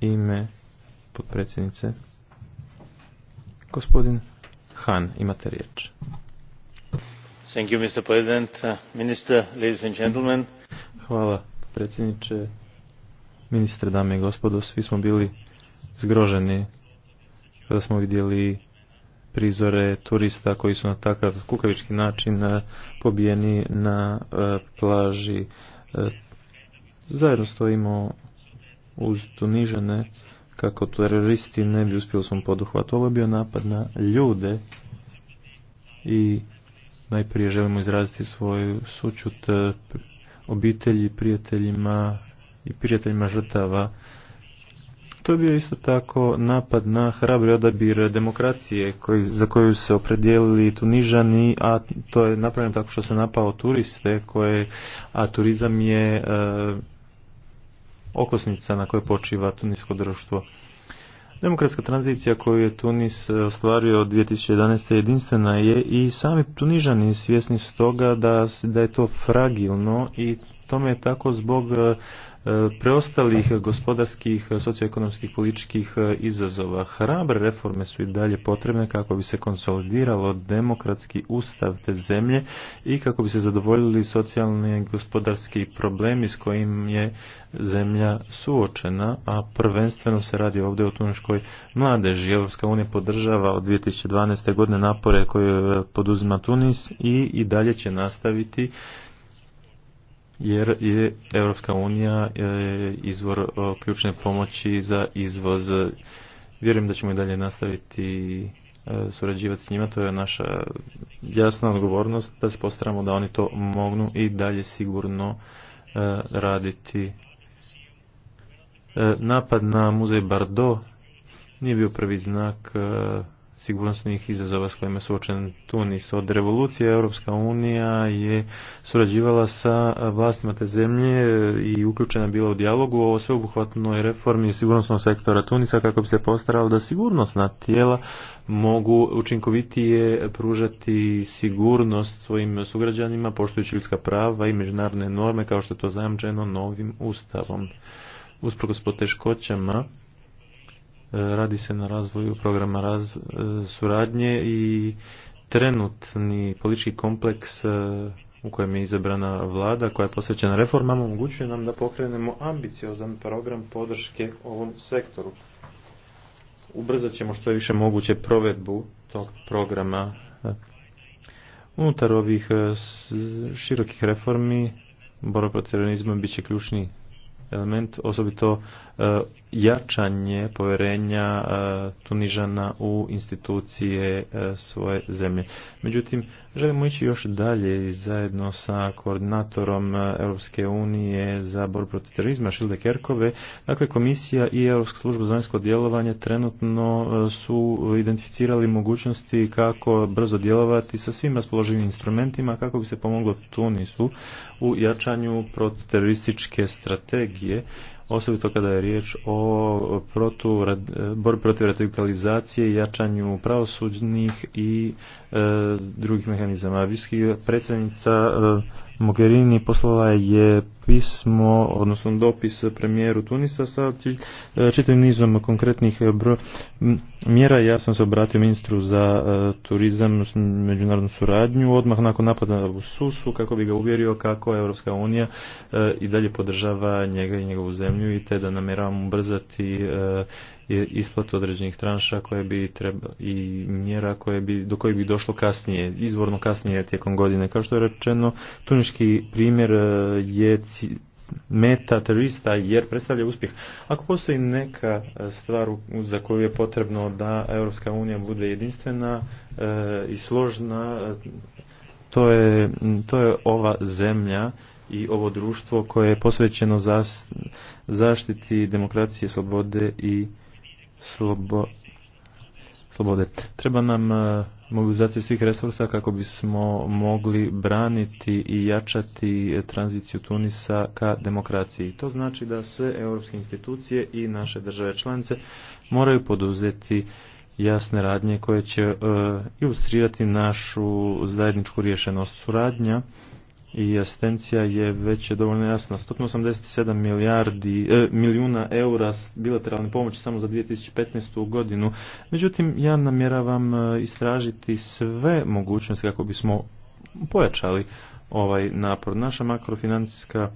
ime potpredsjednice. Gospodin Han, imate riječ. Thank you, Mr. President. Uh, minister, ladies and gentlemen. Hvala, predsjedniče, ministre, dame i gospodo. Svi smo bili zgroženi kada smo vidjeli prizore turista koji su na takav kukavički način uh, pobijeni na uh, plaži. Zajedno stojimo uz Tunižane kako teroristi ne bi uspjeli svom poduhvatu. Ovo je bio napad na ljude i najprije želimo izraziti svoju sučut eh, obitelji, prijateljima i prijateljima žrtava. To je bio isto tako napad na hrabri odabir demokracije koji, za koju se opredijelili Tunižani, a to je napravljeno tako što se napao turiste, koje, a turizam je eh, okosnica na kojoj počiva tunisko društvo. Demokratska tranzicija koju je Tunis e, ostvario od 2011. jedinstvena je i sami Tunižani svjesni su toga da, da je to fragilno i tome je tako zbog e, E, preostalih gospodarskih, socioekonomskih, političkih e, izazova. Hrabre reforme su i dalje potrebne kako bi se konsolidiralo demokratski ustav te zemlje i kako bi se zadovoljili socijalni i gospodarski problemi s kojim je zemlja suočena, a prvenstveno se radi ovdje o tuniškoj mladeži. Evropska unija podržava od 2012. godine napore koje poduzima Tunis i i dalje će nastaviti jer je Europska unija e, izvor e, ključne pomoći za izvoz. Vjerujem da ćemo i dalje nastaviti e, surađivati s njima, to je naša jasna odgovornost da se postaramo da oni to mognu i dalje sigurno raditi. Napad na muzej Bardo nije bio prvi znak sigurnosnih izazova s kojima je suočen Tunis. Od revolucije Europska unija je surađivala sa vlastima te zemlje i uključena bila u dijalogu o sveobuhvatnoj reformi sigurnosnog sektora Tunisa kako bi se postaralo da sigurnosna tijela mogu učinkovitije pružati sigurnost svojim sugrađanima poštujući ljudska prava i međunarodne norme kao što je to zajamčeno novim ustavom. Usprkos poteškoćama radi se na razvoju programa raz, e, suradnje i trenutni politički kompleks e, u kojem je izabrana vlada koja je posvećena reformama omogućuje nam da pokrenemo ambiciozan program podrške ovom sektoru. Ubrzat ćemo što je više moguće provedbu tog programa unutar ovih e, širokih reformi borba protiv terorizma bit će ključni element, osobito e, jačanje povjerenja e, Tunižana u institucije e, svoje zemlje. Međutim, želimo ići još dalje i zajedno sa koordinatorom Europske unije za borbu protiv terorizma Šilde Kerkove. Dakle, komisija i Europska služba za vanjsko djelovanje trenutno su identificirali mogućnosti kako brzo djelovati sa svim raspoloživim instrumentima kako bi se pomoglo Tunisu u jačanju protiv strategije Osobi osobito kada je riječ o protu, borbi protiv radikalizacije jačanju pravosudnih i e, drugih mehanizama. Viski predsjednica e, Mogherini poslala je pismo, odnosno dopis premijeru Tunisa sa čitavim nizom konkretnih eh, mjera. Ja sam se obratio ministru za eh, turizam, međunarodnu suradnju, odmah nakon napada u Susu, kako bi ga uvjerio kako Europska unija eh, i dalje podržava njega i njegovu zemlju i te da namjeravam ubrzati isplatu određenih tranša koje bi treba, i mjera koje bi, do koje bi došlo kasnije, izvorno kasnije tijekom godine. Kao što je rečeno, tuniški primjer e, je meta terorista jer predstavlja uspjeh. Ako postoji neka e, stvar za koju je potrebno da Europska unija bude jedinstvena e, i složna, to je, to je ova zemlja i ovo društvo koje je posvećeno zaštiti demokracije, slobode i slobo, slobode. Treba nam e, mobilizacija svih resursa kako bismo mogli braniti i jačati tranziciju Tunisa ka demokraciji. To znači da se europske institucije i naše države članice moraju poduzeti jasne radnje koje će e, ilustrirati našu zajedničku rješenost suradnja i asistencija je već je dovoljno jasna. 187 milijardi, e, milijuna eura bilateralne pomoći samo za 2015. godinu. Međutim, ja namjeravam e, istražiti sve mogućnosti kako bismo pojačali ovaj napor. Naša makrofinancijska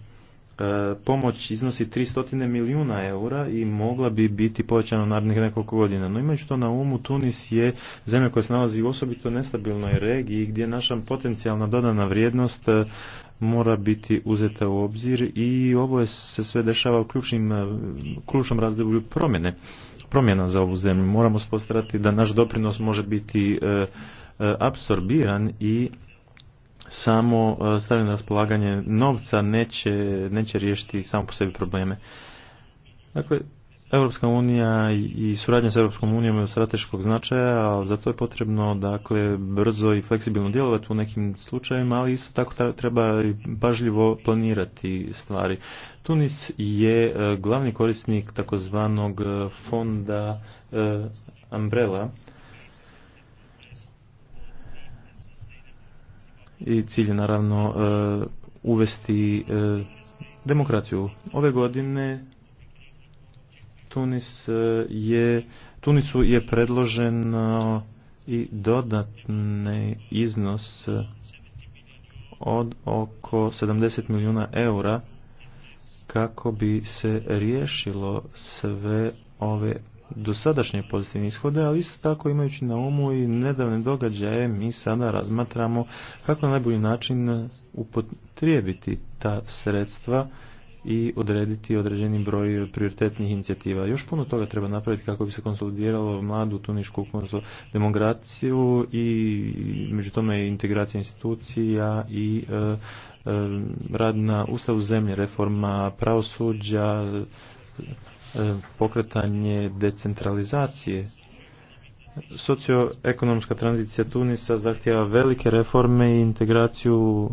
E, pomoć iznosi 300 milijuna eura i mogla bi biti povećana narednih nekoliko godina. No imajući to na umu, Tunis je zemlja koja se nalazi u osobito nestabilnoj regiji gdje naša potencijalna dodana vrijednost e, mora biti uzeta u obzir i ovo se sve dešava u ključnim, e, ključnom razdoblju promjene promjena za ovu zemlju. Moramo spostarati da naš doprinos može biti apsorbiran i samo e, stavljanje na raspolaganje novca neće, neće riješiti samo po sebi probleme. Dakle, Europska unija i suradnja s Europskom unijom je od strateškog značaja, ali zato je potrebno dakle, brzo i fleksibilno djelovati u nekim slučajevima, ali isto tako treba pažljivo planirati stvari. Tunis je e, glavni korisnik takozvanog e, fonda Umbrella, i cilj je naravno e, uvesti e, demokraciju. Ove godine Tunis e, je, Tunisu je predložen i dodatni iznos od oko 70 milijuna eura kako bi se riješilo sve ove dosadašnje pozitivne ishode, ali isto tako imajući na umu i nedavne događaje mi sada razmatramo kako na najbolji način upotrijebiti ta sredstva i odrediti određeni broj prioritetnih inicijativa. Još puno toga treba napraviti kako bi se konsolidiralo mladu tunišku demokraciju i među tome integracija institucija i e, e, rad na ustavu zemlje, reforma pravosuđa, E, pokretanje decentralizacije. Socioekonomska tranzicija Tunisa zahtjeva velike reforme i integraciju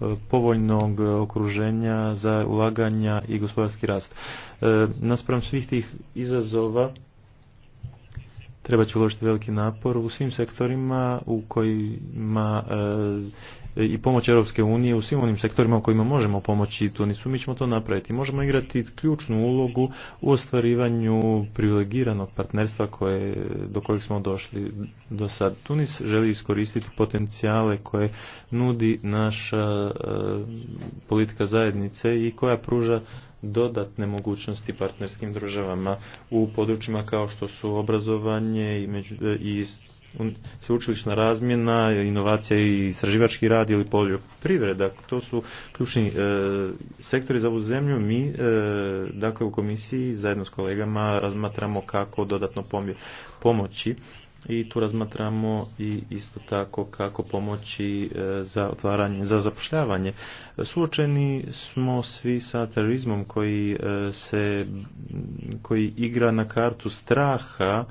e, povoljnog okruženja za ulaganja i gospodarski rast. E, naspram svih tih izazova treba će uložiti veliki napor u svim sektorima u kojima i pomoć Europske unije u svim onim sektorima u kojima možemo pomoći Tunisu, mi ćemo to napraviti. Možemo igrati ključnu ulogu u ostvarivanju privilegiranog partnerstva koje, do kojeg smo došli do sad. Tunis želi iskoristiti potencijale koje nudi naša e, politika zajednice i koja pruža dodatne mogućnosti partnerskim državama u područjima kao što su obrazovanje i, među, e, i sveučilišna razmjena, inovacija i istraživački rad ili poljoprivreda. To su ključni e, sektori za ovu zemlju. Mi, e, dakle, u komisiji zajedno s kolegama razmatramo kako dodatno pomoći i tu razmatramo i isto tako kako pomoći e, za otvaranje, za zapošljavanje. Suočeni smo svi sa terorizmom koji se koji igra na kartu straha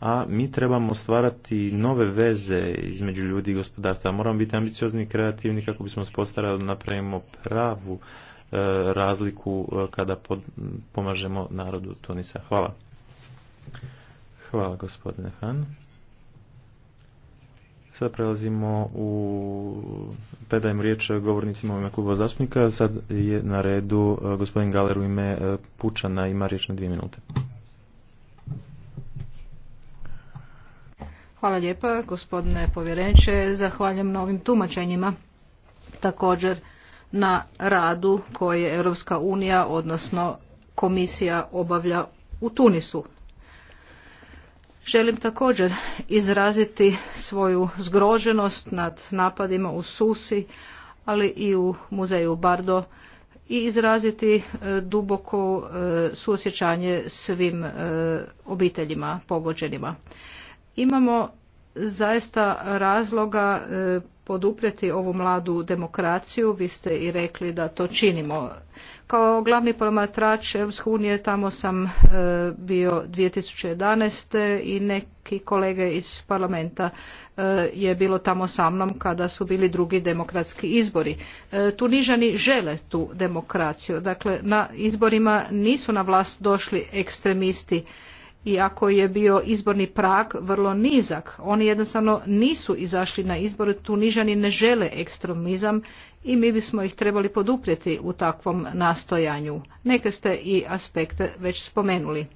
a mi trebamo stvarati nove veze između ljudi i gospodarstva. Moramo biti ambiciozni i kreativni kako bismo spostarali da napravimo pravu e, razliku e, kada pomažemo narodu Tunisa. Hvala. Hvala gospodine Han. Sada prelazimo u, predajem riječ govornicima u ime kluba zastupnika. Sad je na redu e, gospodin Galer u ime Pučana, ima riječ na dvije minute. Hvala lijepa gospodine povjereniče, zahvaljujem na ovim tumačenjima. Također na radu koje Europska unija, odnosno komisija obavlja u Tunisu. Želim također izraziti svoju zgroženost nad napadima u Susi, ali i u muzeju Bardo i izraziti e, duboko e, suosjećanje svim e, obiteljima pogođenima. Imamo zaista razloga e, poduprijeti ovu mladu demokraciju. Vi ste i rekli da to činimo. Kao glavni promatrač Europske unije tamo sam e, bio 2011. i neki kolege iz parlamenta e, je bilo tamo sa mnom kada su bili drugi demokratski izbori. Tunižani žele tu demokraciju. Dakle, na izborima nisu na vlast došli ekstremisti iako je bio izborni prag vrlo nizak. Oni jednostavno nisu izašli na izbore, nižani ne žele ekstremizam i mi bismo ih trebali poduprijeti u takvom nastojanju. Neke ste i aspekte već spomenuli.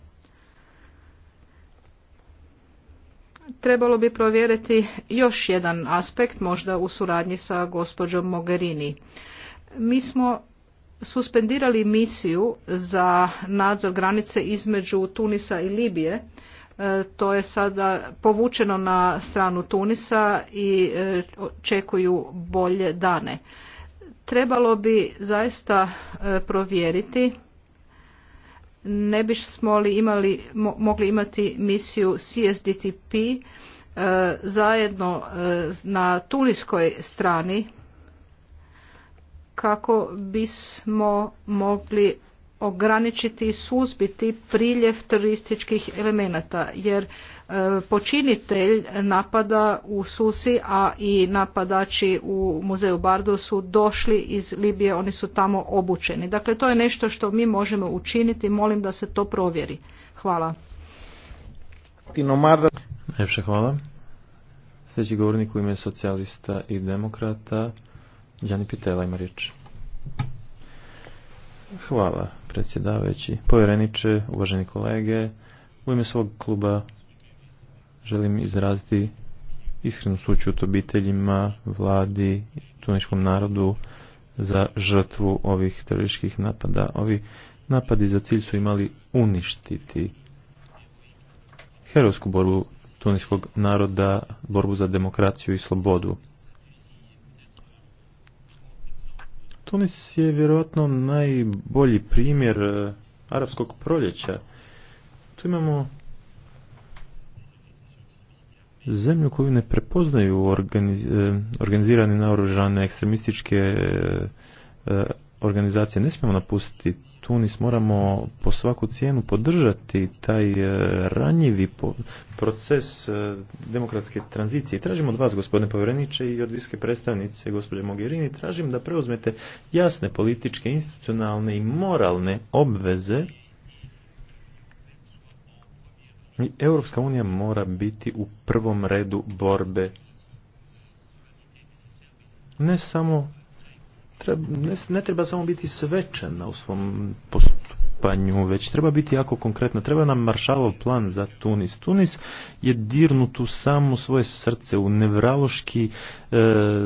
Trebalo bi provjeriti još jedan aspekt, možda u suradnji sa gospođom Mogherini. Mi smo suspendirali misiju za nadzor granice između Tunisa i Libije. E, to je sada povučeno na stranu Tunisa i e, očekuju bolje dane. Trebalo bi zaista e, provjeriti ne bismo li imali, mogli imati misiju CSDTP zajedno na tuniskoj strani kako bismo mogli ograničiti i suzbiti priljev terorističkih elemenata jer e, počinitelj napada u Susi a i napadači u muzeju Bardo su došli iz Libije oni su tamo obučeni dakle to je nešto što mi možemo učiniti molim da se to provjeri hvala hvala sljedeći govornik u ime socijalista i demokrata Jani Pitela ima riječ. Hvala, predsjedavajući. Povjereniče, uvaženi kolege, u ime svog kluba želim izraziti iskrenu sućut obiteljima, vladi, tuniškom narodu za žrtvu ovih teroričkih napada. Ovi napadi za cilj su imali uništiti herojsku borbu tuniškog naroda, borbu za demokraciju i slobodu. Tunis je vjerojatno najbolji primjer e, arapskog proljeća. Tu imamo zemlju koju ne prepoznaju e, organizirane naoružane ekstremističke e, organizacije. Ne smijemo napustiti Tunis moramo po svaku cijenu podržati taj e, ranjivi proces e, demokratske tranzicije. Tražim od vas, gospodine povjereniče, i od viske predstavnice, gospođe Mogherini, tražim da preuzmete jasne političke, institucionalne i moralne obveze i Europska unija mora biti u prvom redu borbe ne samo ne treba samo biti svečana u svom poslu već treba biti jako konkretno. Treba nam maršalov plan za Tunis. Tunis je dirnut u samo svoje srce, u nevraloški e,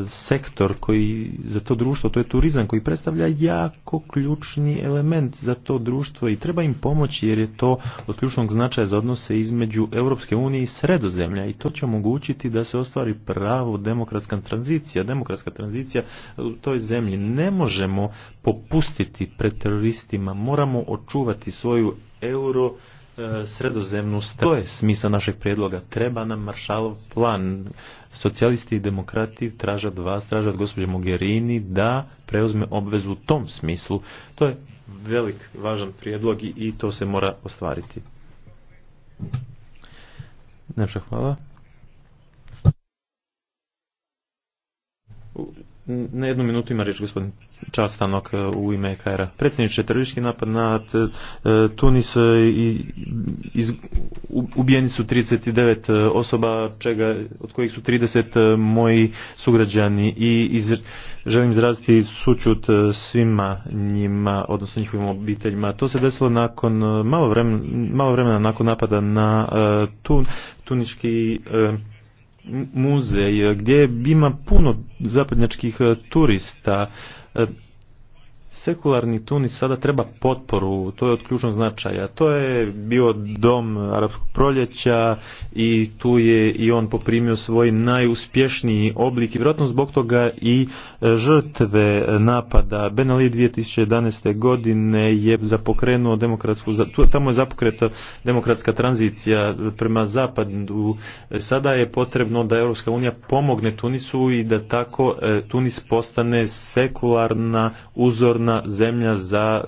sektor koji za to društvo, to je turizam koji predstavlja jako ključni element za to društvo i treba im pomoći jer je to od ključnog značaja za odnose između Europske unije i sredozemlja i to će omogućiti da se ostvari pravo demokratska tranzicija. Demokratska tranzicija u toj zemlji ne možemo popustiti pred teroristima, moramo čuvati svoju euro e, sredozemnu stranu. To je smisla našeg prijedloga. Treba nam maršalov plan. Socijalisti i demokrati traže od vas, traže od gospođe Mogherini da preuzme obvezu u tom smislu. To je velik, važan prijedlog i to se mora ostvariti. Najpša hvala. Na jednu minutu ima riječ gospodin Častanog e, u ime kr Predsjedniče, teroristički napad na e, Tunis e, i ubijeni su 39 osoba, od kojih su 30 moji sugrađani i želim izraziti sućut svima njima, odnosno njihovim obiteljima. To se desilo nakon malo vremena, nakon napada na tun, tuniški muzej gdje ima puno zapadnjačkih turista e Sekularni Tunis sada treba potporu, to je od ključnog značaja. To je bio dom arapskog proljeća i tu je i on poprimio svoj najuspješniji oblik i vjerojatno zbog toga i e, žrtve napada. Ben Ali 2011. godine je zapokrenuo demokratsku, tamo je zapokreta demokratska tranzicija prema zapadu. E, sada je potrebno da Europska unija pomogne Tunisu i da tako e, Tunis postane sekularna uzor na zemlja za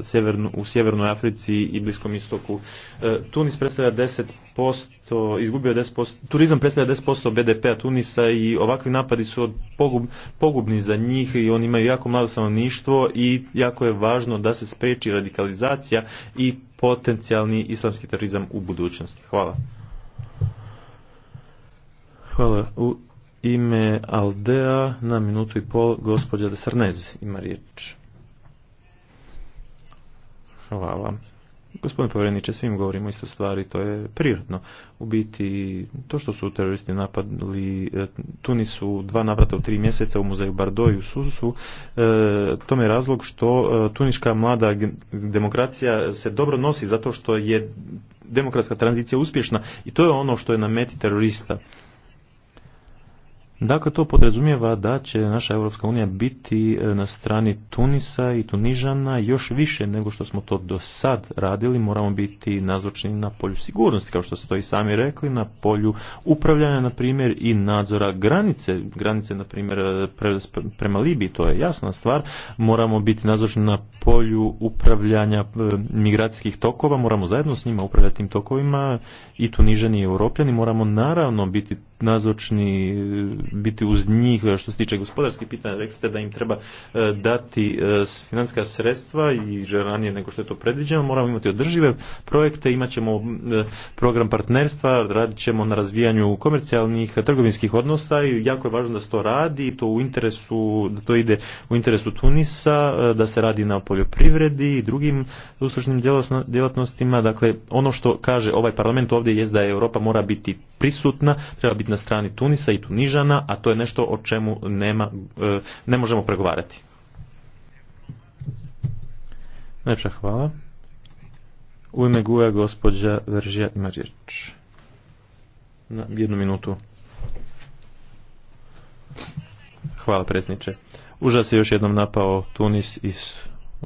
u Sjevernoj Africi i Bliskom istoku. E, Tunis predstavlja 10%, izgubio 10%, turizam predstavlja 10% BDP-a Tunisa i ovakvi napadi su pogubni za njih i oni imaju jako malo stanovništvo i jako je važno da se spriječi radikalizacija i potencijalni islamski terorizam u budućnosti. Hvala. Hvala. U ime Aldea na minutu i pol gospođa Desarnez ima riječ. Hvala. Gospodin povjereniče, svim govorimo isto stvari, to je prirodno. U biti, to što su teroristi napadli e, Tunisu dva navrata u tri mjeseca u muzeju Bardoju u Susu, e, tome je razlog što e, tuniška mlada demokracija se dobro nosi zato što je demokratska tranzicija uspješna i to je ono što je na meti terorista. Dakle, to podrazumijeva da će naša Europska unija biti e, na strani Tunisa i Tunižana još više nego što smo to do sad radili. Moramo biti nazočni na polju sigurnosti, kao što ste to i sami rekli, na polju upravljanja, na primjer, i nadzora granice. Granice, na primjer, e, prema Libiji, to je jasna stvar. Moramo biti nazočni na polju upravljanja e, migracijskih tokova, moramo zajedno s njima upravljati tim tokovima i Tunižani i Europljani. Moramo naravno biti nazočni, e, biti uz njih e, što se tiče gospodarskih pitanja. Rekli ste da im treba e, dati financijska sredstva i ranije nego što je to predviđeno. Moramo imati održive projekte, imat ćemo program partnerstva, radit ćemo na razvijanju komercijalnih trgovinskih odnosa i jako je važno da se to radi i to u interesu, da to ide u interesu Tunisa, da se radi na poljoprivredi i drugim uslužnim djelatnostima. Dakle, ono što kaže ovaj parlament ovdje je da Europa mora biti prisutna, treba biti na strani Tunisa i Tunižana, a to je nešto o čemu nema, e, ne možemo pregovarati. Najpša hvala. U ime Guja e, gospođa Veržija ima Na jednu minutu. Hvala predsjedniče. Užas je još jednom napao Tunis iz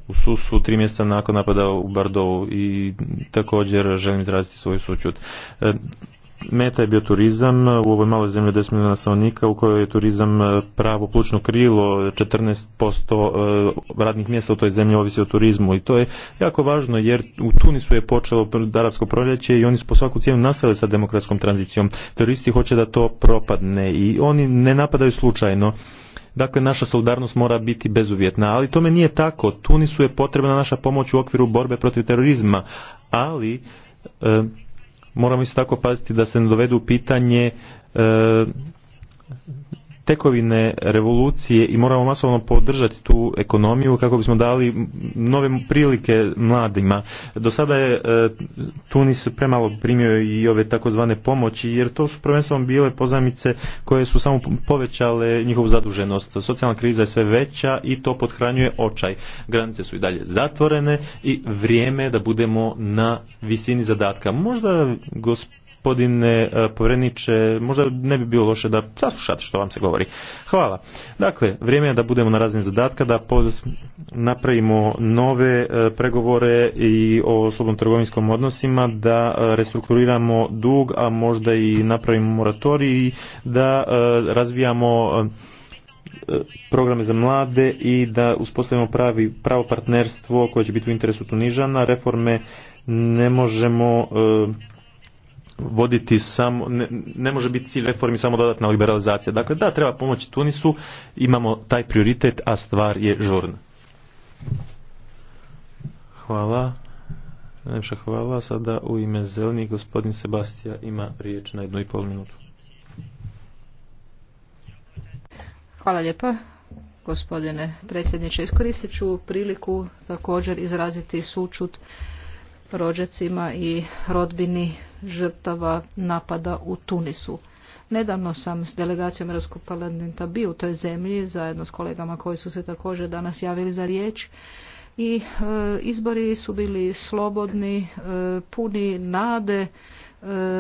u Susu tri mjeseca nakon napada u Bardovu i također želim izraziti svoju sućut. E, meta je bio turizam u ovoj maloj zemlji 10 milijuna stanovnika u kojoj je turizam e, pravo plučno krilo 14% e, radnih mjesta u toj zemlji ovisi o turizmu i to je jako važno jer u Tunisu je počelo arapsko proljeće i oni su po svaku cijenu nastavili sa demokratskom tranzicijom teroristi hoće da to propadne i oni ne napadaju slučajno Dakle, naša solidarnost mora biti bezuvjetna, ali tome nije tako. Tunisu je potrebna naša pomoć u okviru borbe protiv terorizma, ali e, moramo isto tako paziti da se ne dovedu u pitanje e, tekovine revolucije i moramo masovno podržati tu ekonomiju kako bismo dali nove prilike mladima. Do sada je e, Tunis premalo primio i ove takozvane pomoći jer to su prvenstveno bile pozajmice koje su samo povećale njihovu zaduženost. Socijalna kriza je sve veća i to podhranjuje očaj. Granice su i dalje zatvorene i vrijeme da budemo na visini zadatka. Možda gospodin gospodine e, povredniče, možda ne bi bilo loše da saslušate što vam se govori. Hvala. Dakle, vrijeme je da budemo na raznim zadatka, da napravimo nove e, pregovore i o slobodnom trgovinskom odnosima, da e, restrukturiramo dug, a možda i napravimo moratorij i da razvijamo programe za mlade i da uspostavimo pravi, pravo partnerstvo koje će biti u interesu Tunižana. Reforme ne možemo voditi samo, ne, može biti cilj reformi samo dodatna liberalizacija. Dakle, da, treba pomoći Tunisu, imamo taj prioritet, a stvar je žurna. Hvala. hvala. Sada u ime zelenih gospodin Sebastija ima riječ na jednu i pol minutu. Hvala lijepa. Gospodine predsjedniče, iskoristit ću priliku također izraziti sučut rođacima i rodbini žrtava napada u Tunisu. Nedavno sam s delegacijom Europskog parlamenta bio u toj zemlji zajedno s kolegama koji su se također danas javili za riječ i e, izbori su bili slobodni, e, puni nade e,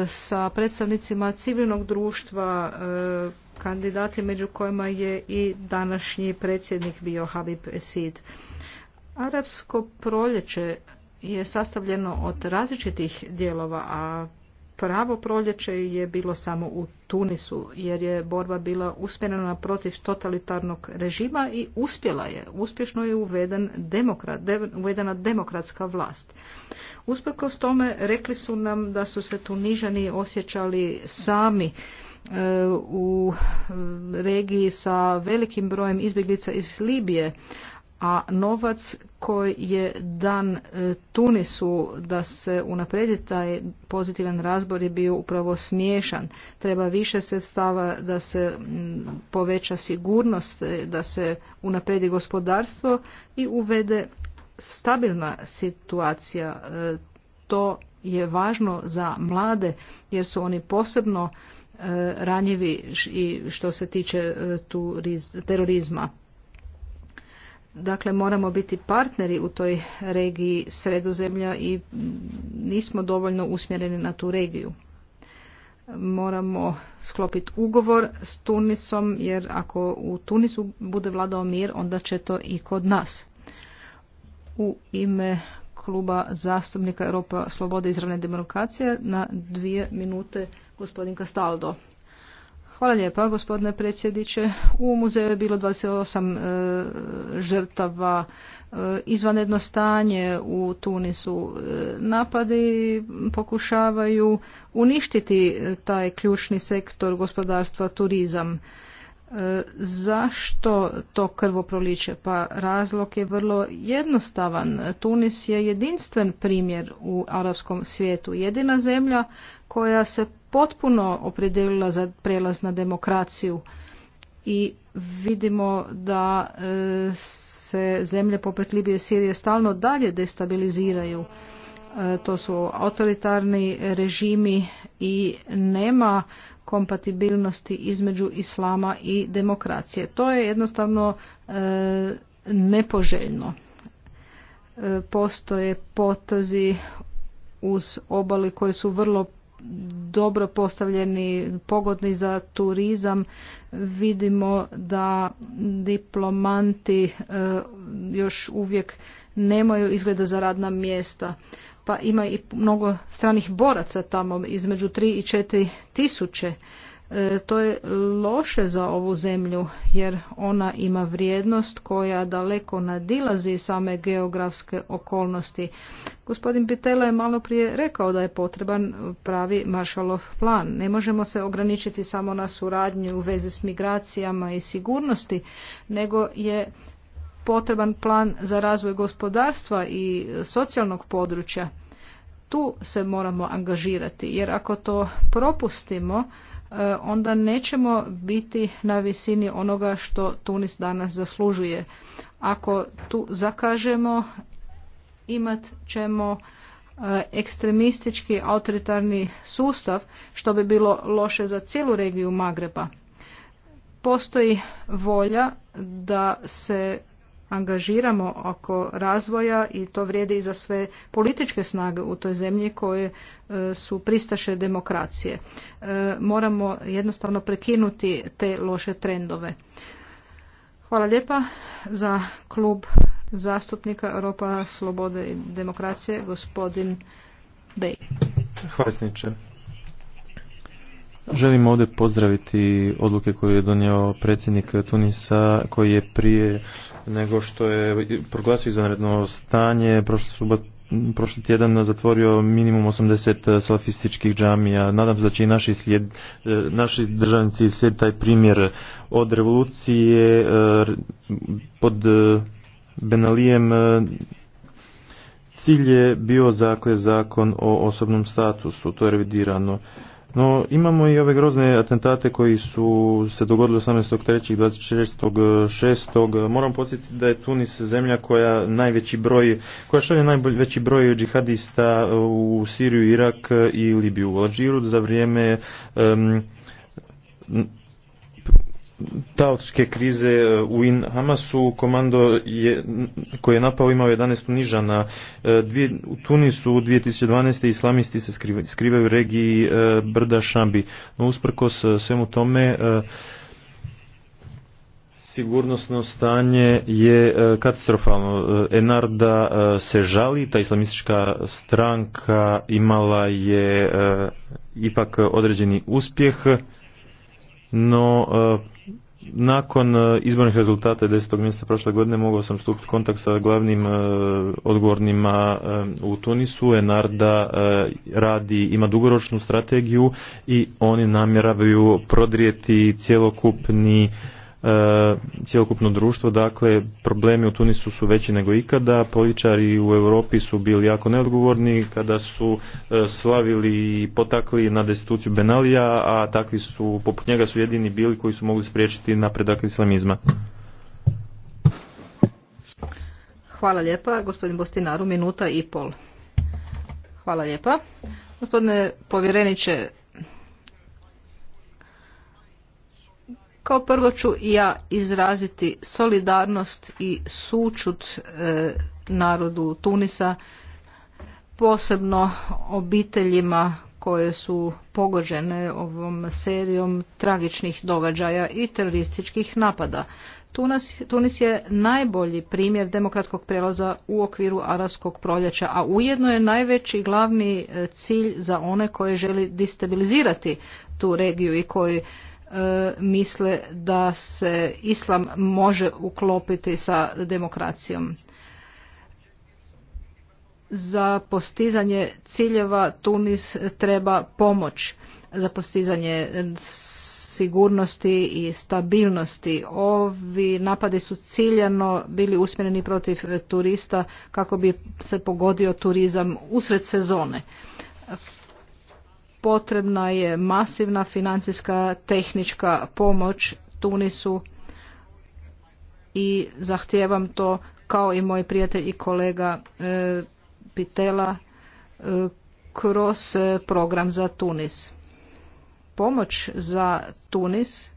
sa predstavnicima civilnog društva, kandidati među kojima je i današnji predsjednik bio Habib Esid. Arapsko proljeće je sastavljeno od različitih dijelova, a pravo proljeće je bilo samo u Tunisu, jer je borba bila usmjerena protiv totalitarnog režima i uspjela je. Uspješno je uveden uvedena demokratska vlast. s tome rekli su nam da su se Tunižani osjećali sami e, u e, regiji sa velikim brojem izbjeglica iz Libije, a novac koji je dan e, Tunisu da se unaprijedi taj pozitivan razbor je bio upravo smiješan. Treba više sredstava da se poveća sigurnost, e, da se unapredi gospodarstvo i uvede stabilna situacija. E, to je važno za mlade jer su oni posebno ranjivi i što se tiče terorizma. Dakle, moramo biti partneri u toj regiji sredozemlja i nismo dovoljno usmjereni na tu regiju. Moramo sklopiti ugovor s Tunisom, jer ako u Tunisu bude vladao mir, onda će to i kod nas. U ime kluba zastupnika Europa Slobode i Izravne demokracije na dvije minute gospodin Kastaldo. Hvala lijepa, gospodine predsjedniče. U muzeju je bilo 28 e, žrtava, e, izvanredno stanje u Tunisu. E, napadi pokušavaju uništiti taj ključni sektor gospodarstva turizam. Zašto to krvo proliče? Pa razlog je vrlo jednostavan. Tunis je jedinstven primjer u arapskom svijetu. Jedina zemlja koja se potpuno opredelila za prelaz na demokraciju i vidimo da e, se zemlje poput Libije i Sirije stalno dalje destabiliziraju. E, to su autoritarni režimi i nema kompatibilnosti između islama i demokracije. To je jednostavno e, nepoželjno. Postoje potazi uz obali koje su vrlo dobro postavljeni, pogodni za turizam. Vidimo da diplomanti e, još uvijek nemaju izgleda za radna mjesta. Pa ima i mnogo stranih boraca tamo, između 3 i 4 tisuće to je loše za ovu zemlju jer ona ima vrijednost koja daleko nadilazi same geografske okolnosti. Gospodin Pitela je malo prije rekao da je potreban pravi maršalov plan. Ne možemo se ograničiti samo na suradnju u vezi s migracijama i sigurnosti, nego je potreban plan za razvoj gospodarstva i socijalnog područja. Tu se moramo angažirati jer ako to propustimo, Eh, onda nećemo biti na visini onoga što Tunis danas zaslužuje. Ako tu zakažemo, imat ćemo eh, ekstremistički autoritarni sustav, što bi bilo loše za cijelu regiju Magreba. Postoji volja da se angažiramo oko razvoja i to vrijedi i za sve političke snage u toj zemlji koje e, su pristaše demokracije. E, moramo jednostavno prekinuti te loše trendove. Hvala lijepa za klub zastupnika Europa Slobode i Demokracije, gospodin Bej. Hvala sniče. Želim ovdje pozdraviti odluke koje je donio predsjednik Tunisa koji je prije nego što je proglasio izvanredno stanje prošle prošli tjedan zatvorio minimum 80 eh, salafističkih džamija. Nadam se da će i naši, slijed, eh, naši državnici slijed taj primjer od revolucije eh, pod Benalijem cilj je bio zakle zakon o osobnom statusu, to je revidirano. No, imamo i ove grozne atentate koji su se dogodili 18.3. 26.6. Moram podsjetiti da je Tunis zemlja koja najveći broj, koja šalje najveći broj džihadista u Siriju, Irak i Libiju. U za vrijeme taočke krize e, u In Hamasu komando je, koji je napao imao 11 Tunižana. E, dvije, u Tunisu u 2012. islamisti se skrivaju, skrivaju u regiji e, Brda Šambi. No usprkos e, svemu tome sigurnosno stanje je katastrofalno. Enarda se žali, ta islamistička stranka imala je ipak određeni uspjeh, no nakon e, izbornih rezultata 10. mjeseca prošle godine mogao sam stupiti kontakt sa glavnim e, odgovornima e, u Tunisu. Enarda radi, ima dugoročnu strategiju i oni namjeravaju prodrijeti cjelokupni E, cijelokupno društvo. Dakle, problemi u Tunisu su veći nego ikada. Političari u Europi su bili jako neodgovorni kada su e, slavili i potakli na destituciju Benalija, a takvi su, poput njega su jedini bili koji su mogli spriječiti napredak islamizma. Hvala lijepa. Gospodin Bostinaru, minuta i pol. Hvala lijepa. Gospodine povjereniče, Kao prvo ću ja izraziti solidarnost i sučut e, narodu Tunisa, posebno obiteljima koje su pogođene ovom serijom tragičnih događaja i terorističkih napada. Tunis, Tunis je najbolji primjer demokratskog prelaza u okviru arapskog proljeća, a ujedno je najveći glavni e, cilj za one koje želi destabilizirati tu regiju i koji E, misle da se islam može uklopiti sa demokracijom. Za postizanje ciljeva Tunis treba pomoć za postizanje sigurnosti i stabilnosti. Ovi napadi su ciljano bili usmjereni protiv turista kako bi se pogodio turizam usred sezone potrebna je masivna financijska tehnička pomoć Tunisu i zahtijevam to kao i moj prijatelj i kolega e, Pitela e, kroz e, program za Tunis. Pomoć za Tunis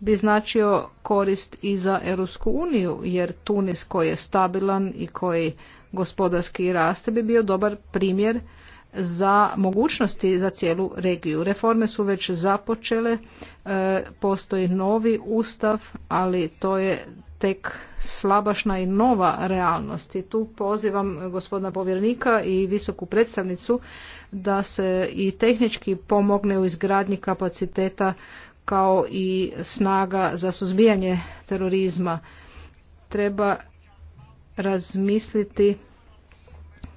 bi značio korist i za Europsku uniju, jer Tunis koji je stabilan i koji gospodarski raste bi bio dobar primjer za mogućnosti za cijelu regiju. Reforme su već započele, e, postoji novi ustav, ali to je tek slabašna i nova realnost. I tu pozivam gospodina povjernika i visoku predstavnicu da se i tehnički pomogne u izgradnji kapaciteta kao i snaga za suzbijanje terorizma. Treba razmisliti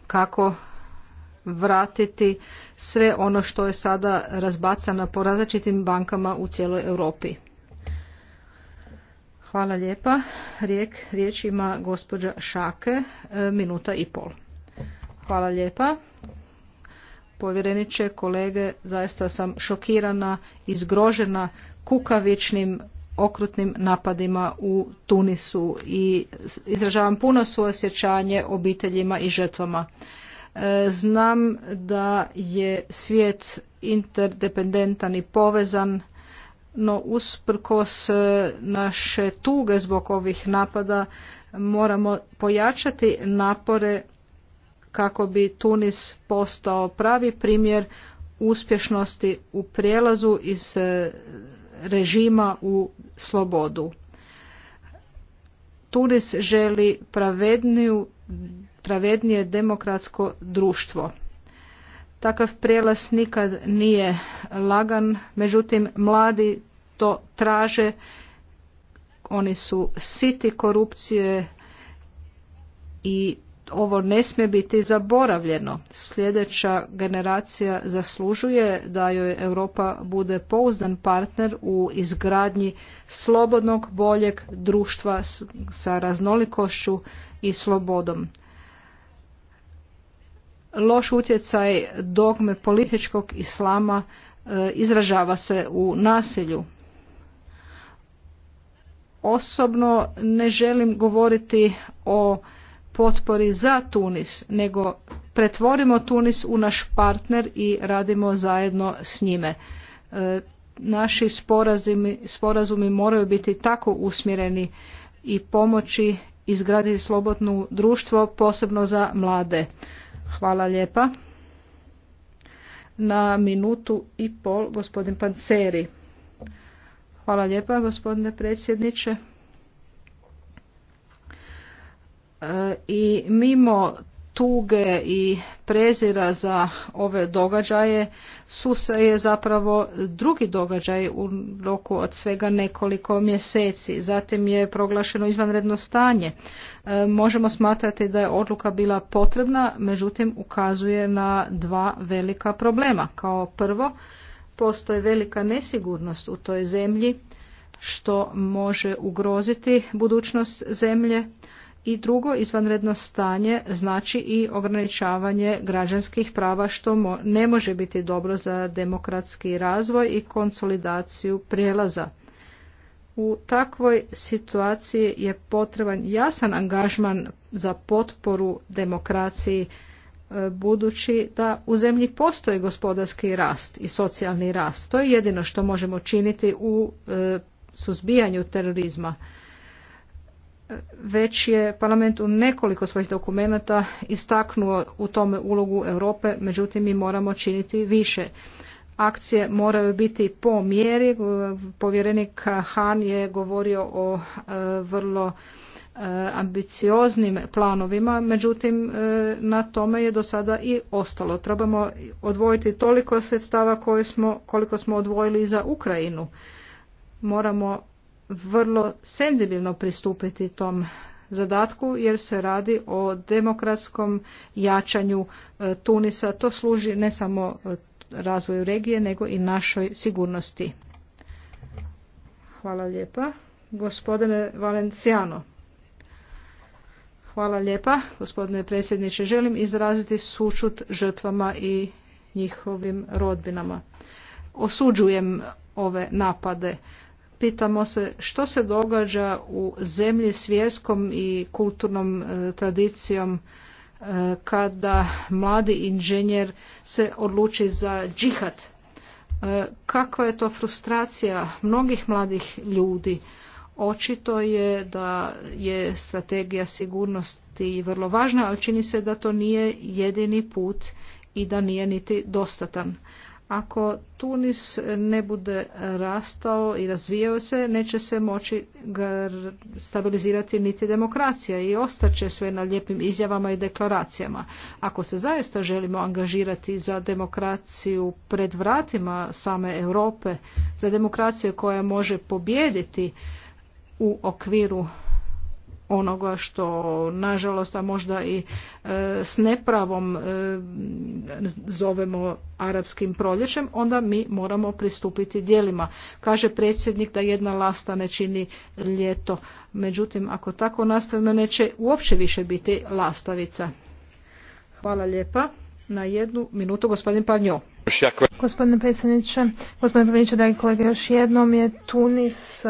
kako vratiti sve ono što je sada razbacano po različitim bankama u cijeloj Europi. Hvala lijepa. Rijek, riječ ima gospođa Šake, e, minuta i pol. Hvala lijepa. Povjereniče, kolege, zaista sam šokirana izgrožena kukavičnim okrutnim napadima u Tunisu i izražavam puno suosjećanje obiteljima i žrtvama. E, znam da je svijet interdependentan i povezan, no usprkos e, naše tuge zbog ovih napada moramo pojačati napore kako bi Tunis postao pravi primjer uspješnosti u prijelazu iz e, režima u slobodu. Tunis želi pravedniju pravednije demokratsko društvo. Takav prijelaz nikad nije lagan, međutim mladi to traže, oni su siti korupcije i ovo ne smije biti zaboravljeno. Sljedeća generacija zaslužuje da joj Europa bude pouzdan partner u izgradnji slobodnog, boljeg društva sa raznolikošću i slobodom loš utjecaj dogme političkog islama e, izražava se u nasilju. Osobno ne želim govoriti o potpori za Tunis, nego pretvorimo Tunis u naš partner i radimo zajedno s njime. E, naši sporazumi, sporazumi moraju biti tako usmjereni i pomoći izgraditi slobodno društvo, posebno za mlade. Hvala lijepa. Na minutu i pol gospodin Panceri. Hvala lijepa gospodine predsjedniče. E, I mimo tuge i prezira za ove događaje su se je zapravo drugi događaj u roku od svega nekoliko mjeseci. Zatim je proglašeno izvanredno stanje. E, možemo smatrati da je odluka bila potrebna, međutim ukazuje na dva velika problema. Kao prvo, postoji velika nesigurnost u toj zemlji što može ugroziti budućnost zemlje i drugo izvanredno stanje znači i ograničavanje građanskih prava što ne može biti dobro za demokratski razvoj i konsolidaciju prijelaza. U takvoj situaciji je potreban jasan angažman za potporu demokraciji e, budući da u zemlji postoji gospodarski rast i socijalni rast. To je jedino što možemo činiti u e, suzbijanju terorizma već je parlament u nekoliko svojih dokumenata istaknuo u tome ulogu Europe, međutim mi moramo činiti više. Akcije moraju biti po mjeri. Povjerenik Han je govorio o e, vrlo e, ambicioznim planovima, međutim e, na tome je do sada i ostalo. Trebamo odvojiti toliko sredstava koliko smo odvojili za Ukrajinu. Moramo vrlo senzibilno pristupiti tom zadatku jer se radi o demokratskom jačanju e, Tunisa. To služi ne samo e, razvoju regije nego i našoj sigurnosti. Hvala lijepa. Gospodine Valenciano. Hvala lijepa, gospodine predsjedniče. Želim izraziti sučut žrtvama i njihovim rodbinama. Osuđujem ove napade. Pitamo se što se događa u zemlji s vjerskom i kulturnom e, tradicijom e, kada mladi inženjer se odluči za džihad. E, kakva je to frustracija mnogih mladih ljudi. Očito je da je strategija sigurnosti vrlo važna, ali čini se da to nije jedini put i da nije niti dostatan. Ako Tunis ne bude rastao i razvijao se, neće se moći stabilizirati niti demokracija i ostaće sve na lijepim izjavama i deklaracijama. Ako se zaista želimo angažirati za demokraciju pred vratima same Europe, za demokraciju koja može pobijediti u okviru onoga što nažalost a možda i e, s nepravom e, zovemo arapskim proljećem onda mi moramo pristupiti djelima kaže predsjednik da jedna lasta ne čini ljeto međutim ako tako nastavimo neće uopće više biti lastavica hvala lijepa na jednu minutu gospodin Panjo. Gospodine predsjedniče, gospodine predsjedniče, kolege, još jednom je Tunis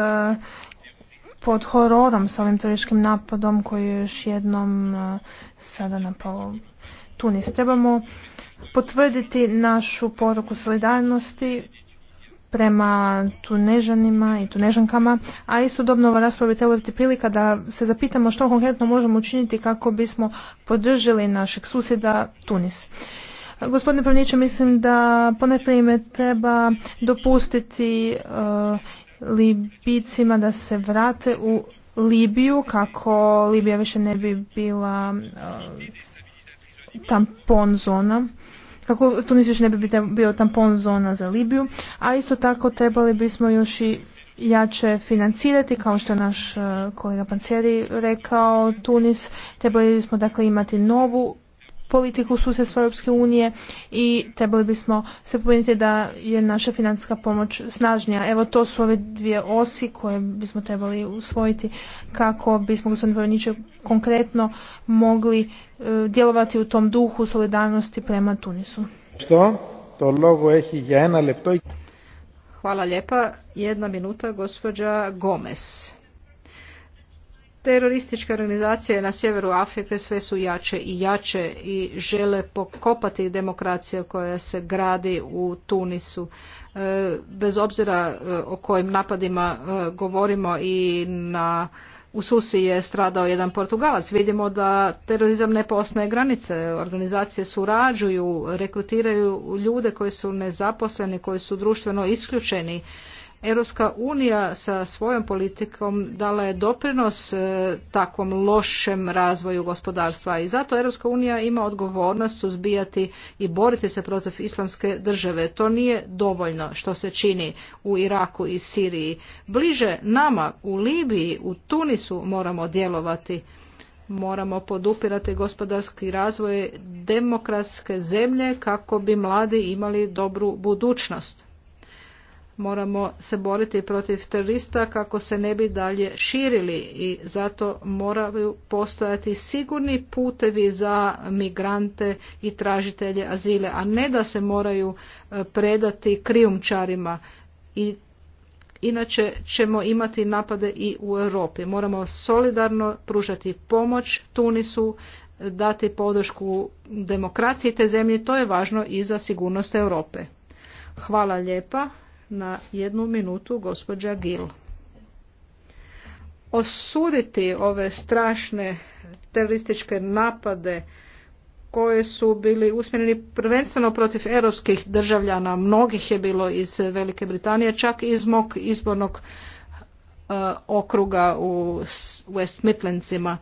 pod hororom sa ovim teroriškim napadom koji je još jednom e, sada napao Tunis. Trebamo potvrditi našu poruku solidarnosti prema tunežanima i tunežankama, a istodobno ova rasprava bi trebala biti prilika da se zapitamo što konkretno možemo učiniti kako bismo podržili našeg susjeda Tunis. Gospodine Pravniće, mislim da ponajprije treba dopustiti e, Libicima da se vrate u Libiju kako Libija više ne bi bila eh, tampon zona kako Tunis više ne bi bio tampon zona za Libiju, a isto tako trebali bismo još i jače financirati, kao što je naš eh, kolega Panceri rekao, Tunis, trebali bismo dakle imati novu politiku susjedstva Europske unije i trebali bismo se pobrinuti da je naša financijska pomoć snažnija. Evo to su ove dvije osi koje bismo trebali usvojiti kako bismo gospodin Vojniče konkretno mogli e, djelovati u tom duhu solidarnosti prema Tunisu. Što? To logo Hvala lijepa. Jedna minuta gospođa Gomez terorističke organizacije na sjeveru Afrike sve su jače i jače i žele pokopati demokraciju koja se gradi u Tunisu. E, bez obzira e, o kojim napadima e, govorimo i na u Susi je stradao jedan Portugalac. Vidimo da terorizam ne poznaje granice. Organizacije surađuju, rekrutiraju ljude koji su nezaposleni, koji su društveno isključeni Europska unija sa svojom politikom dala je doprinos e, takvom lošem razvoju gospodarstva i zato Europska unija ima odgovornost uzbijati i boriti se protiv islamske države. To nije dovoljno što se čini u Iraku i Siriji. Bliže nama u Libiji, u Tunisu moramo djelovati. Moramo podupirati gospodarski razvoj demokratske zemlje kako bi mladi imali dobru budućnost moramo se boriti protiv terorista kako se ne bi dalje širili i zato moraju postojati sigurni putevi za migrante i tražitelje azile, a ne da se moraju e, predati krijumčarima i Inače ćemo imati napade i u Europi. Moramo solidarno pružati pomoć Tunisu, dati podršku demokraciji te zemlje. To je važno i za sigurnost Europe. Hvala lijepa na jednu minutu gospođa Gil. Osuditi ove strašne terorističke napade koje su bili usmjereni prvenstveno protiv europskih državljana, mnogih je bilo iz Velike Britanije, čak iz mog izbornog e, okruga u West Midlandsima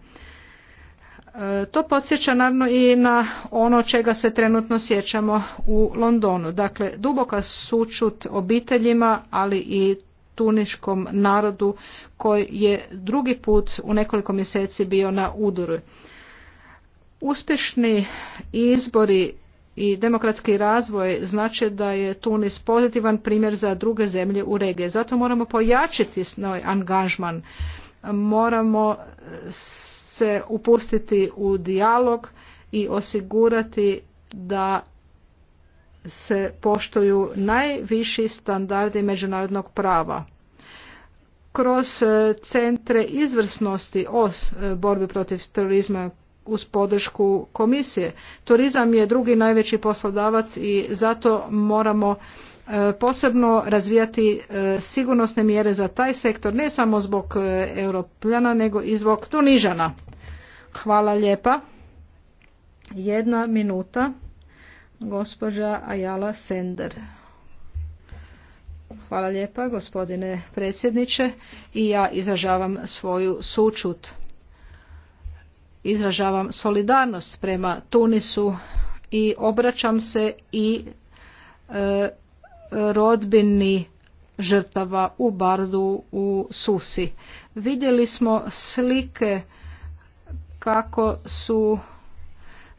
E, to podsjeća naravno i na ono čega se trenutno sjećamo u Londonu. Dakle, duboka sučut obiteljima, ali i tuniškom narodu koji je drugi put u nekoliko mjeseci bio na udoru. Uspješni izbori i demokratski razvoj znači da je Tunis pozitivan primjer za druge zemlje u regiji. Zato moramo pojačiti svoj angažman. Moramo se upustiti u dijalog i osigurati da se poštuju najviši standardi međunarodnog prava kroz e, centre izvrsnosti o e, borbi protiv terorizma uz podršku komisije. Turizam je drugi najveći poslodavac i zato moramo E, posebno razvijati e, sigurnosne mjere za taj sektor, ne samo zbog e, europljana, nego i zbog tunižana. Hvala lijepa. Jedna minuta, gospođa Ajala Sender. Hvala lijepa, gospodine predsjedniče. I ja izražavam svoju sučut. Izražavam solidarnost prema Tunisu i obraćam se i rodbini žrtava u Bardu u Susi. Vidjeli smo slike kako su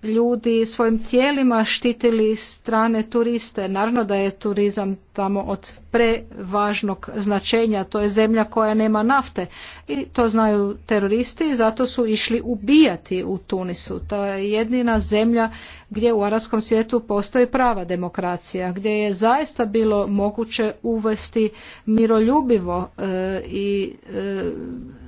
ljudi svojim tijelima štitili strane turiste. Naravno da je turizam tamo od prevažnog značenja. To je zemlja koja nema nafte i to znaju teroristi i zato su išli ubijati u Tunisu. To je jedina zemlja gdje u arapskom svijetu postoji prava demokracija, gdje je zaista bilo moguće uvesti miroljubivo e, i e,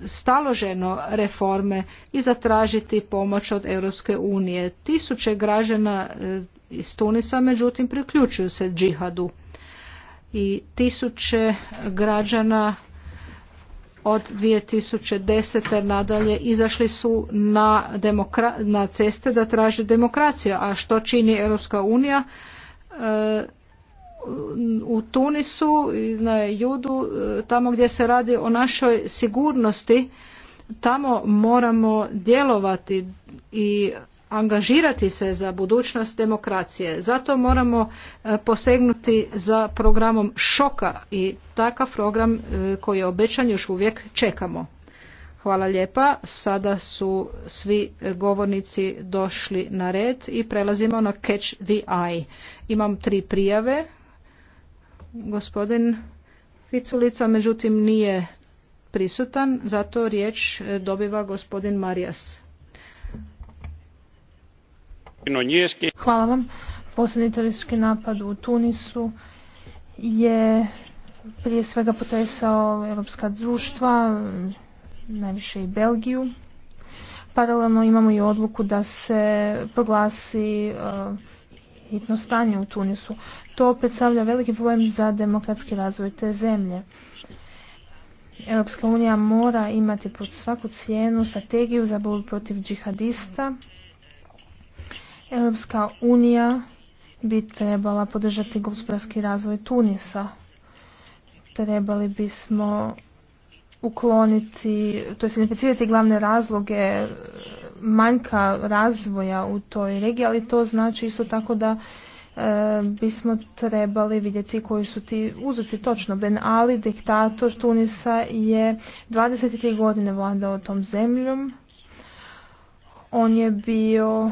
staloženo reforme i zatražiti pomoć od Europske unije. Tisuće građana e, iz Tunisa, međutim priključuju se džihadu i tisuće građana od 2010. nadalje izašli su na, na ceste da traže demokraciju. A što čini Europska unija? E, u Tunisu i na Judu, e, tamo gdje se radi o našoj sigurnosti, tamo moramo djelovati i angažirati se za budućnost demokracije. Zato moramo e, posegnuti za programom šoka i takav program e, koji je obećan još uvijek čekamo. Hvala lijepa. Sada su svi govornici došli na red i prelazimo na Catch the Eye. Imam tri prijave. Gospodin Ficulica međutim nije prisutan, zato riječ e, dobiva gospodin Marijas. Hvala vam. Posljednji teroristički napad u Tunisu je prije svega potresao europska društva, najviše i Belgiju. Paralelno imamo i odluku da se proglasi uh, hitno stanje u Tunisu. To predstavlja veliki problem za demokratski razvoj te zemlje. Europska unija mora imati pod svaku cijenu strategiju za borbu protiv džihadista Europska unija bi trebala podržati gospodarski razvoj Tunisa. Trebali bismo ukloniti, to je identificirati glavne razloge manjka razvoja u toj regiji, ali to znači isto tako da e, bismo trebali vidjeti koji su ti uzroci točno. Ben Ali, diktator Tunisa, je 23 godine vladao tom zemljom. On je bio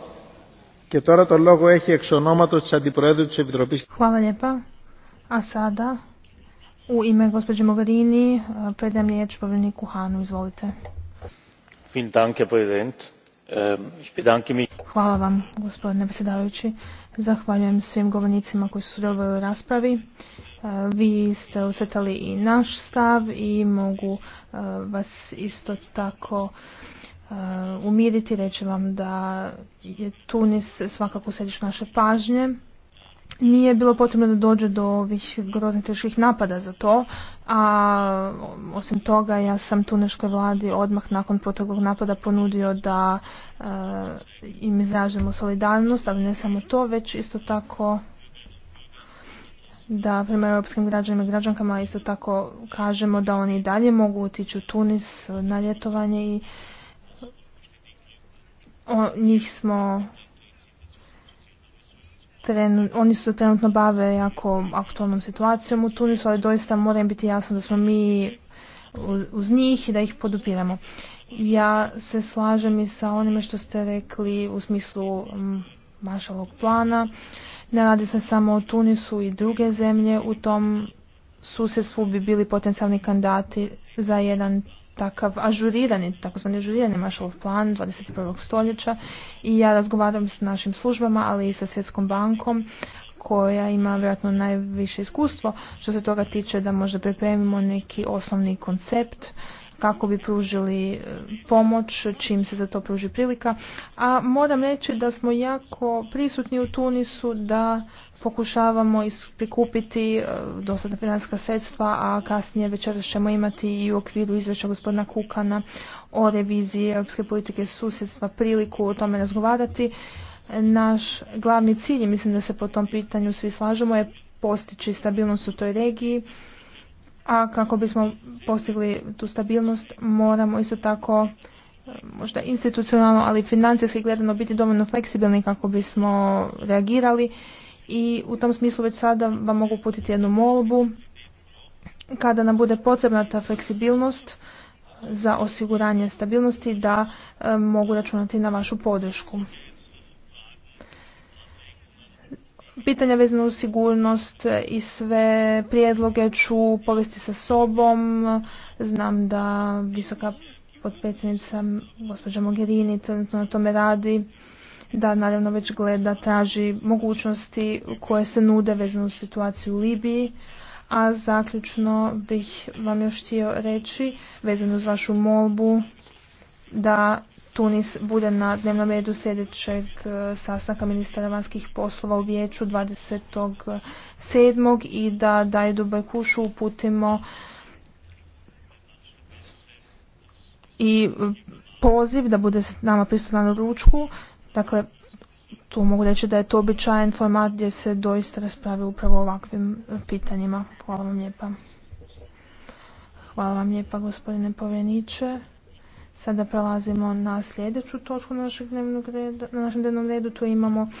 to Hvala lijepa. A sada u ime gospođe Mogherini predam riječ povjereniku Hanu. Izvolite. Ehm, Hvala vam, gospodine predsjedavajući. Zahvaljujem svim govornicima koji su sudjelovali u raspravi. Ehm, vi ste usetali i naš stav i mogu ehm, vas isto tako Uh, umiriti, reći vam da je Tunis svakako u naše pažnje. Nije bilo potrebno da dođe do ovih groznih teških napada za to, a osim toga ja sam tuneškoj vladi odmah nakon proteklog napada ponudio da uh, im izražemo solidarnost, ali ne samo to, već isto tako da prema europskim građanima i građankama isto tako kažemo da oni i dalje mogu otići u Tunis na ljetovanje i njih smo oni su trenutno bave jako aktualnom situacijom u Tunisu, ali doista moram biti jasno da smo mi uz, njih i da ih podupiramo. Ja se slažem i sa onime što ste rekli u smislu mašalog plana. Ne radi se samo o Tunisu i druge zemlje. U tom susjedstvu bi bili potencijalni kandidati za jedan takav ažurirani, takozvani ažurirani Marshallov plan 21. stoljeća i ja razgovaram s našim službama, ali i sa Svjetskom bankom koja ima vjerojatno najviše iskustvo što se toga tiče da možda pripremimo neki osnovni koncept kako bi pružili e, pomoć čim se za to pruži prilika. A moram reći da smo jako prisutni u Tunisu da pokušavamo prikupiti e, dosta financijska sredstva, a kasnije večeras ćemo imati i u okviru izvješća gospodina Kukana o reviziji europske politike susjedstva priliku o tome razgovarati. Naš glavni cilj, mislim da se po tom pitanju svi slažemo, je postići stabilnost u toj regiji a kako bismo postigli tu stabilnost moramo isto tako e, možda institucionalno, ali financijski gledano biti dovoljno fleksibilni kako bismo reagirali i u tom smislu već sada vam mogu putiti jednu molbu kada nam bude potrebna ta fleksibilnost e, za osiguranje stabilnosti da e, mogu računati na vašu podršku pitanja vezano uz sigurnost i sve prijedloge ću povesti sa sobom. Znam da visoka potpredsjednica gospođa Mogherini trenutno na tome radi da naravno već gleda, traži mogućnosti koje se nude vezano uz situaciju u Libiji. A zaključno bih vam još htio reći vezano uz vašu molbu da Tunis bude na dnevnom redu sljedećeg e, sastanka ministara vanjskih poslova u vijeću 27. i da Dajdu Bekušu uputimo i poziv da bude s nama prisutan na ručku. Dakle, tu mogu reći da je to običajen format gdje se doista raspravi upravo o ovakvim e, pitanjima. Hvala vam lijepa. Hvala vam lijepa gospodine povjeniče. Sada prelazimo na sljedeću točku našeg dnevnog reda, na našem dnevnom redu. Tu imamo